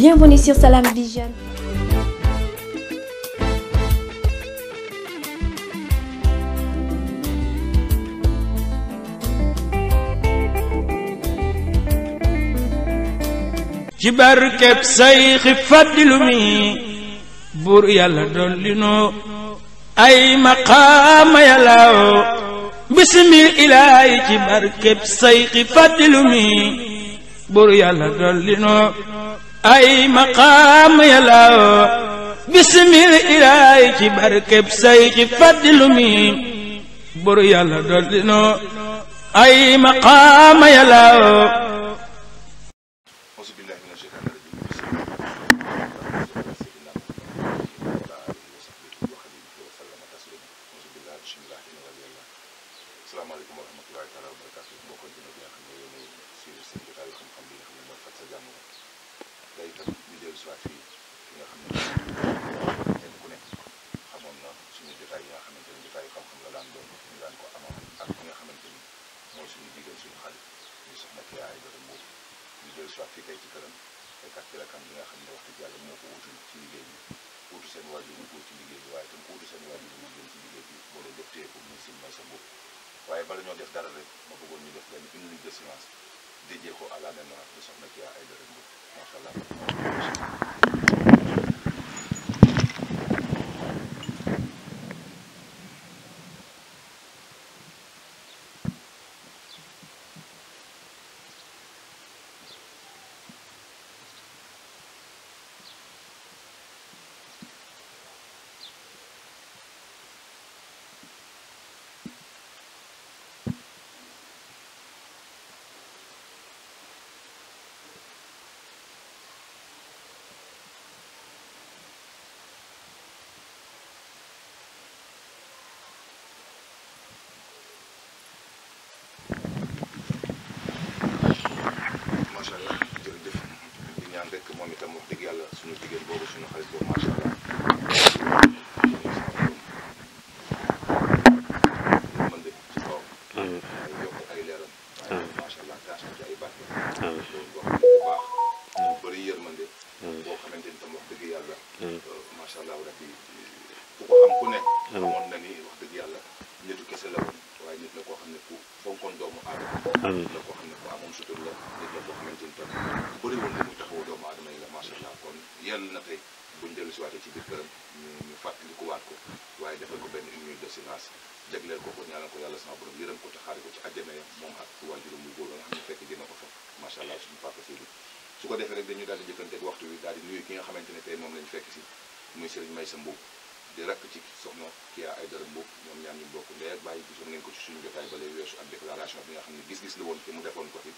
Bienvenue sur Salam Vision. ci ay maqaama yàllaw bisimil ilaahi ci barkeb sayxi fàddilu ay maqaam yàllaw bisimil ilaay ci barkeb say ci fàddilu mi buru yàlla dool dino ay maqaam yàllaw def dara rek ma bëggoon ñu def benn une minute de silence dédié ko à la mémoire de Soxna Kya Aidara Mbodj macha allah. itam wax dëgg yàlla suñu jigéen boobu suñu xarit boobu macha allah mën de ci kaw ay yokk ay leeram macha allah ma ci ay barke dëgg yàlla euh, macha ku ko xam ku ne dëgg yàlla nitu kese la muy Serigne Maysa Mbuub di rakk ci soxna Kya Aidara Mbuub ñoom ñaar ñu bokk ndey ak bàyyi gisoon ngeen ko ne gis-gis woon ci mu defoon ko fi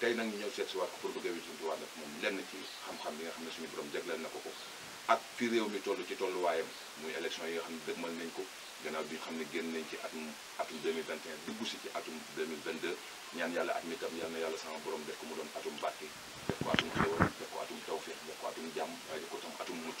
tey nag ñu ñëw seet si waat ko pour a wéccantuwaat ne suñu borom jagleel na ko ko ak fi réew mi ne dëgmal na yàlla sama borom def ko mu doon atum bàtte def ko atum xéwal def ko atum tawféex def ko atum jàmm waaye ko tam atum mucc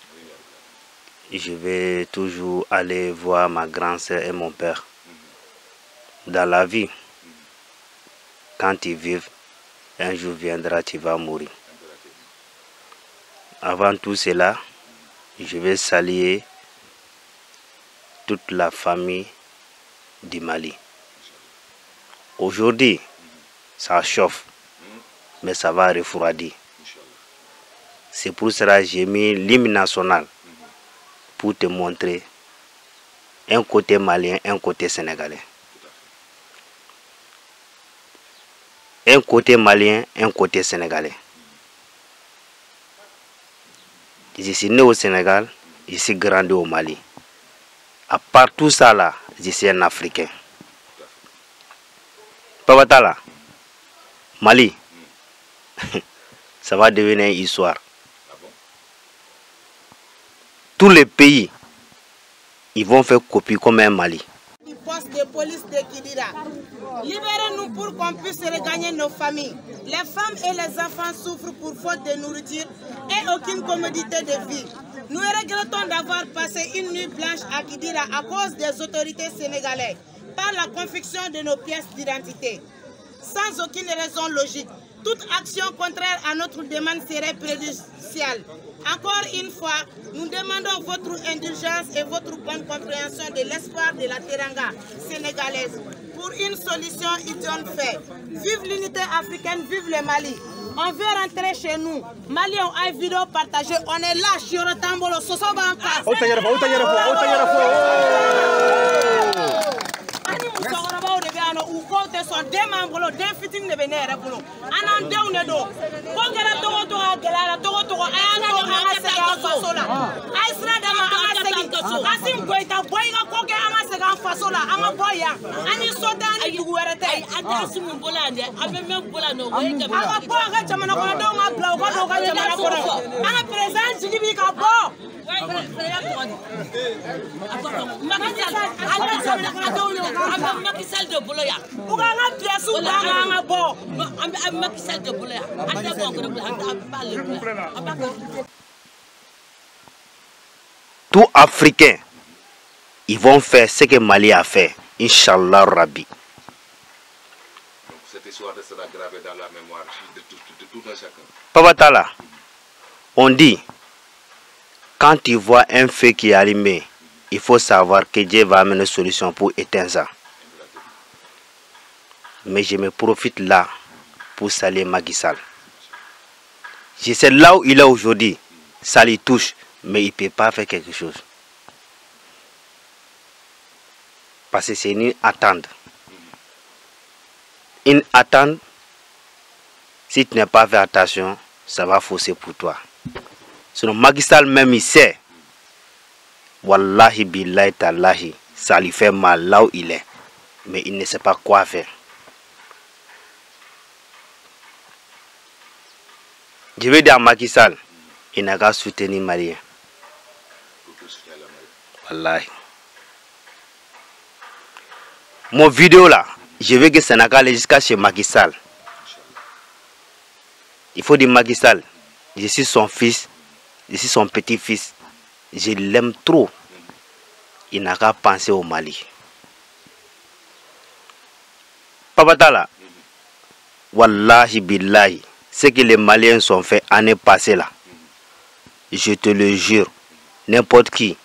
je vais toujours aller voir ma grand-sœur et mon père. Dans la vie, quand ils vivent, un jour viendra, tu vas mourir. Avant tout cela, je vais saluer toute la famille du Mali. Aujourd'hui, ça chauffe, mais ça va refroidir. C'est pour cela que j'ai mis pour te montrer un côté malien, un côté sénégalais. Un côté malien, un côté sénégalais. Je suis né au Sénégal, je suis grandi au Mali. À part tout ça là, un Africain. Papa Tala, Mali, ça va devenir histoire. tous les pays, ils vont faire copie comme un Mali. Libérez-nous pour qu'on puisse regagner nos familles. Les femmes et les enfants souffrent pour faute de nourriture et aucune commodité de vie. Nous regrettons d'avoir passé une nuit blanche à Kidira à cause des autorités sénégalaises par la confection de nos pièces d'identité. Sans aucune raison logique, toute action contraire à notre demande serait préjudiciable. Encore une fois, nous demandons votre indulgence et votre bonne compréhension de l'espoir de la Teranga sénégalaise pour une solution idiome faite. Vive l'unité africaine, vive le Mali. On veut rentrer chez nous. Mali, on a vidéo partagée. On est là, Chiro Tambolo, Sosobanka. sɔn den b'an bolo den fitinin de ne yɛrɛ bolo an n'an denw de don ko kɛra togo togo a gɛlɛya la togo togo a y'an to an ka faso la a ye sira d'a ma an ka segin kasi goyita bɔ i ka ko kɛ ka faso la an ka bɔ yan an ni so tɛ an ni dugu wɛrɛ tɛ. ayi an tɛ sun min dɛ an bɛ min bolo nɔ o ye jamana. a bɔ a ka jamana kɔnɔ denw ka bila u ka don u ka jamana kɔnɔ an ka perezan jigi bi ka bɔ. makisɛli Tout Africain, ils vont faire ce que Mali a fait, Inch'Allah Rabbi. Donc on dit Quand tu vois un feu qui est il faut savoir que Dieu va amener solution pour éteindre ça. Mais je me profite là pour saluer Macky Je sais là il est aujourd'hui, ça touche, mais il peut pas faire quelque chose. Parce que c'est une attente. Une attente, si tu n'as pas fait attention, ça va fausser pour toi. sinon Macky Sall même il sait wallahi billahi talahi ça lui fait mal il est mais il ne sait pas je vais dire à Macky Sall il n'a qu'à soutenir Malien wallahi mon je veux que Sénégal aille jusqu'à chez Macky Sall il faut dire je suis son fils Je suis son petit-fils. Je l'aime trop. Il n'a qu'à penser au Mali. Papatala, Wallahi Billahi, ce que les Maliens sont fait année passée là, je te le jure, n'importe qui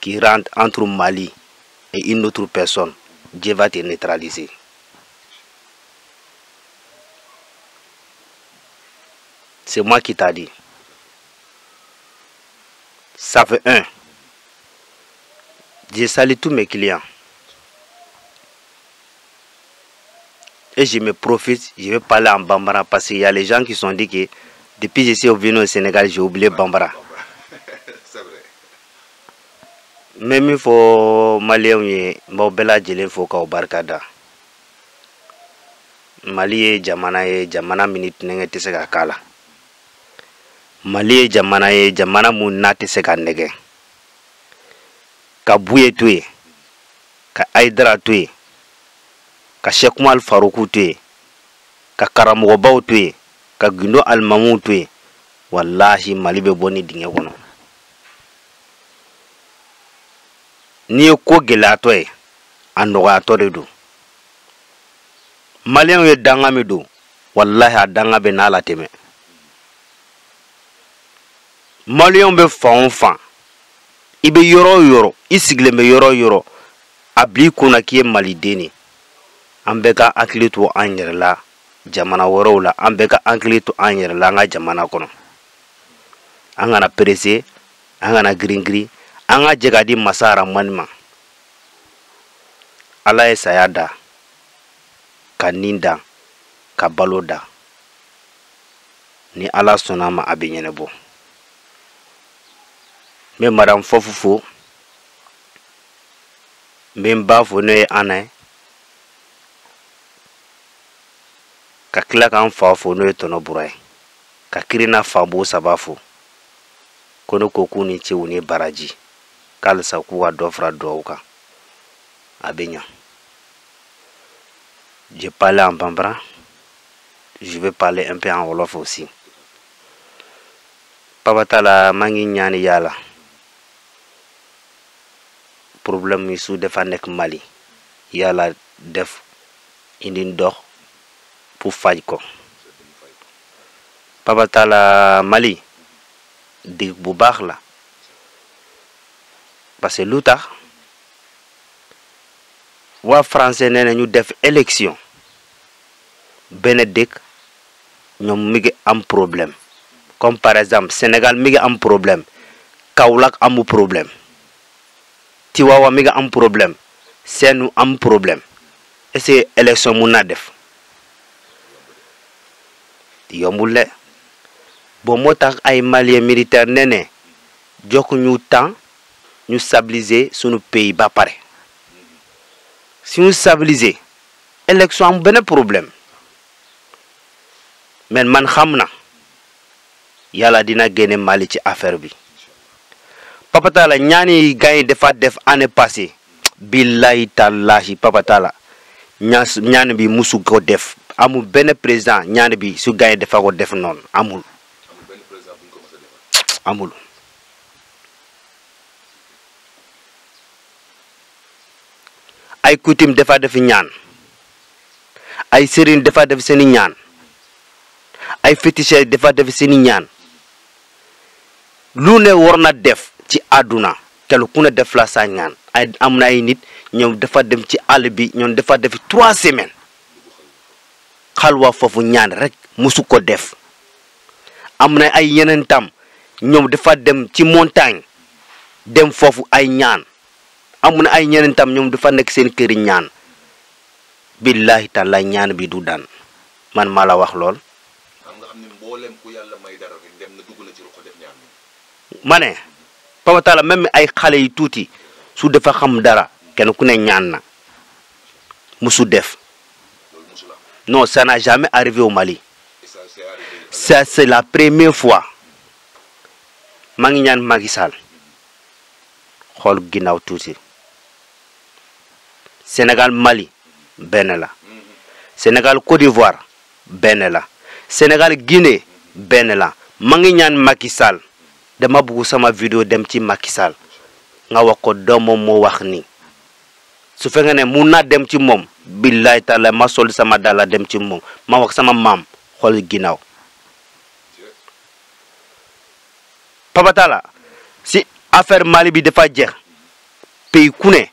qui rentre entre Mali et une autre personne, Dieu va te neutraliser. C'est moi qui t'a dit. Sauf 1. Je salue tous mes clients. Et je me profite, je vais parler en Bambara parce qu'il y a les gens qui sont dit je suis revenu au Sénégal, j'ai oublié Bambara. Même il faut malien, je suis fo ka barkada. Mali ye jamana ye jamana minute nenge tɛ se ka k'a la mali ye jamana ye jamana mun n'a tɛ se ka nɛgɛ ka buye to yen ka ayidara to yen ka sɛkuma faruku to yen ka karamɔgɔbaw to yen ka gindo alimamuw to yen walahi mali bɛ bɔ ni dingɛ kɔnɔ n'i ye ko gɛlɛyatɔ ye a nɔgɔyatɔ de don maliyɛnw ye danga min don walahi a danga bɛ n'a latɛmɛ maliyɛnw bɛ fan o fan i bɛ yɔrɔ o yɔrɔ i sigilen bɛ yɔrɔ o yɔrɔ a bil'i kunna k'i ye maliden de an bɛɛ ka hakili to an yɛrɛ la jamana wɛrɛw la an bɛɛ ka hakili to an yɛrɛ an ka jamana kɔnɔ an kana perese an kana giringirin an ka jɛ ka di masa aramani ma ala ye saya da ka nin da ka balo da ni ala sɔnna ma a bɛ ɲɛnɛbɔ n bɛ fo n bɛ ba fo n'o ye ye ka tila ka n fo n'o ye tɔnɔ bura ye ka kirina fa saba fo ko ne ko ni ce u ni baraji k'alisa k'u ka dɔ fara duwawu a bɛ ɲa je parle en bambara je vais parler un wolof aussi papa ta ñaani yàlla problème yi su dafa nekk Mali yàlla def indi dox pour faj ko Papa Mali dig bu baax la parce que lu tax waa français nee na ñu def élection benn dëkk ñoom mi ngi am problème comme par exemple Sénégal mi ngi am problème Kaolack amu problème wawa mi nga am problème seenu am problème est-ce que élection mun naa def yombul le bon moo tax ay maliens militaires ne ne jokk ñu temps ñu stabiliser sunu pays ba pare si ñu stabiliser élection am benn problème mais man xam na yàlla dina génne Mali ci affaire bi Papa Talla ñaani gars yi defaat def année passée billahi tallahi Papa Talla ñaan ñaan bi musu ko def amul benn président ñaan bi su gars yi defa ko def noonu amul amul ay coutume dafa def ñaan ay sëriñ dafa def seeni ñaan ay féticheur dafa def seeni ñaan lu ne war na def ci àdduna kelu ku ne def la sa ñaan am na ay nit ñoom dafa dem ci àll bi ñoom dafa def trois semaines xalwa foofu ñaan rek musu ko def am na ay yeneen tam ñoom dafa dem ci montagne dem foofu ay ñaan am na ay ñeneen tam ñoom dafa nekk seen këri ñaan billahi taala ñaan bi du daan man maa la wax lool. xam nga papa Talla même ay xale yi tuuti su dafa xam dara kenn ku ne ñaan na musu def non ça n'a jamais arrivé au Mali ça c'est la première fois maa ngi ñaan Macky Sall xool ginnaaw tuuti Sénégal Mali benn la Sénégal Côte d'Ivoire benn la Sénégal Guinée benn la maa ngi ñaan Macky Sall dama bëgg sama vidéo dem ci Macky nga wax ko doomam moo wax ni su fekkee ne mun na dem ci moom billaay taala ma sol sama dala dem ci moom ma wax sama maam xol ginaaw Papa Talla si affaire Mali bi dafa jeex pays ku ne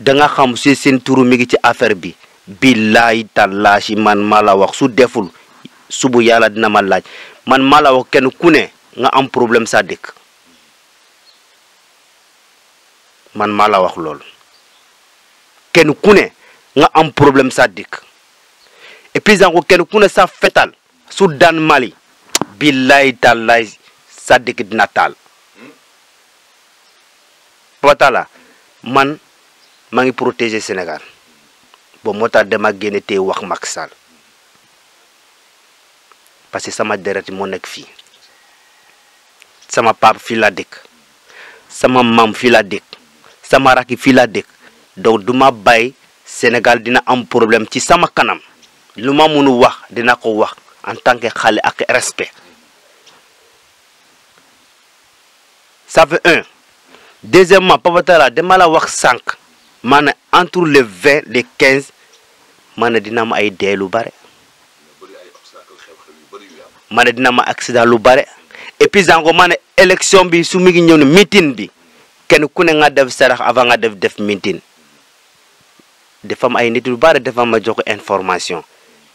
da nga xam si seen turu mi ngi ci affaire bi billaay taala si man maa la wax su deful subu yàlla dina ma laaj man ma la wax kenn ku ne nga am problème sa dëkk man maa la wax loolu kenn ku ne nga am problème sa dëkk et puis kenn ku ne sa fetal su daan Mali billaay tallaay sa dëkk dina taal patala man maa ngi protéger Sénégal bon moo tax dama génne tey wax mak Sall parce que sama deret moo nekk fii sama pap fii laa dëkk sama maam fii laa sama rakk fii laa dëkk donc du ma bàyyi Sénégal dina am problème ci sama kanam lu ma mënu wax dina ko wax en tant que xale ak respect ça fait un deuxièmement Papa Talla dama la wax sànq ma ne entre les vingt les quinze ma dina ma ay dee lu bare ma dina ma accident lu bare et puis encore ma ne élection bi su mu ngi ñëw ne meeting bi kenn ku ne nga def sarax avant nga def def meeting dafa am ay nit yu bari dafa ma jox information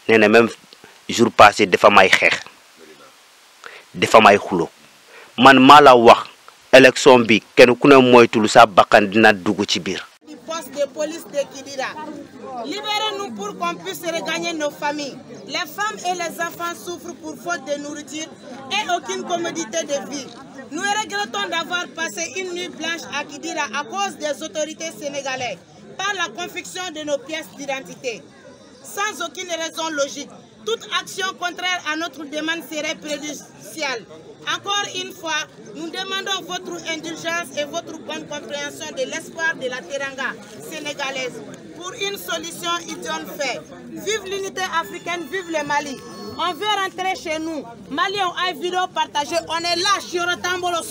nee na même jour passé dafa may xeex dafa ay xulo man maa la wax élection bi kenn ku ne moytul saa bakkan dina dugg ci biir forces de Libérez-nous pour qu'on puisse regagner nos familles. Les femmes et les enfants souffrent pour faute de nourriture et aucune commodité de vie. Nous regrettons d'avoir passé une nuit blanche à Kidira à cause des autorités sénégalaises par la confection de nos pièces d'identité, sans aucune raison logique. Toute action contraire à notre demande serait préjudiciale. Encore une fois, nous demandons votre indulgence et votre bonne compréhension de l'espoir de la Teranga sénégalaise pour une solution idiome faite. Vive l'unité africaine, vive le Mali. On veut rentrer chez nous. Mali, on a vidéo partagée. On est là, Chioro Tambolo,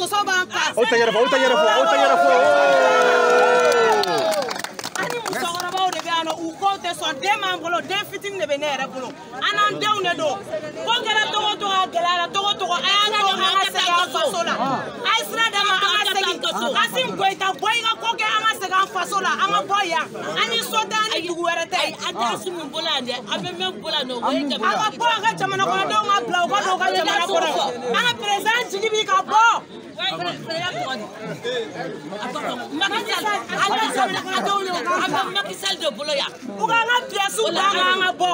nana u kow tɛ sɔn den b'an bolo den fitini de bɛ ne yɛrɛ bolo an n'an denw de don ko kɛra togo togo a gɛlɛyara togo togo a y'a to an ka segin an faso la a ye sira d'an ma an ka segin Kasim Goyita bɔ ka ko kɛ an ka segin an faso la an ka bɔ yan an ni so tɛ an ni dugu wɛrɛ tɛ. ayi an tɛ si min bolo yan dɛ an bɛ min bolo yan nɔ o ye jamana. an ka bɔ an ka jamana kɔnɔdenw ka bila u ka don u ka jamana kɔnɔ an ka perezan jigi bi ka bɔ. makisal de bolo yan. u k'an ka pilasiw ta k'an ka bɔ.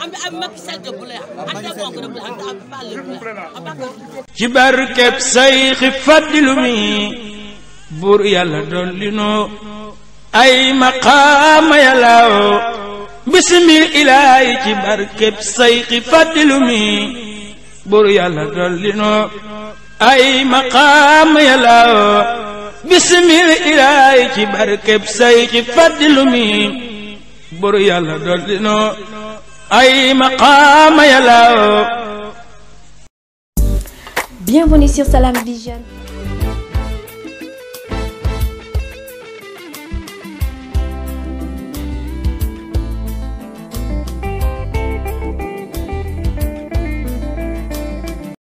an bɛ makisal de bolo yan an tɛ bɔ kɔnɔ bolo an b'ale bolo yan. ci barkeb Seyxi Fadilu mi. buur yàlla dolli noo ay maqaama yàllaawo bisimil ilaahi ci barkeb sayxi fàddilu mi buur yàlla dolli noo ay maqaama yàllaawo noo ay maqaama yàllaawo Bienvenue sur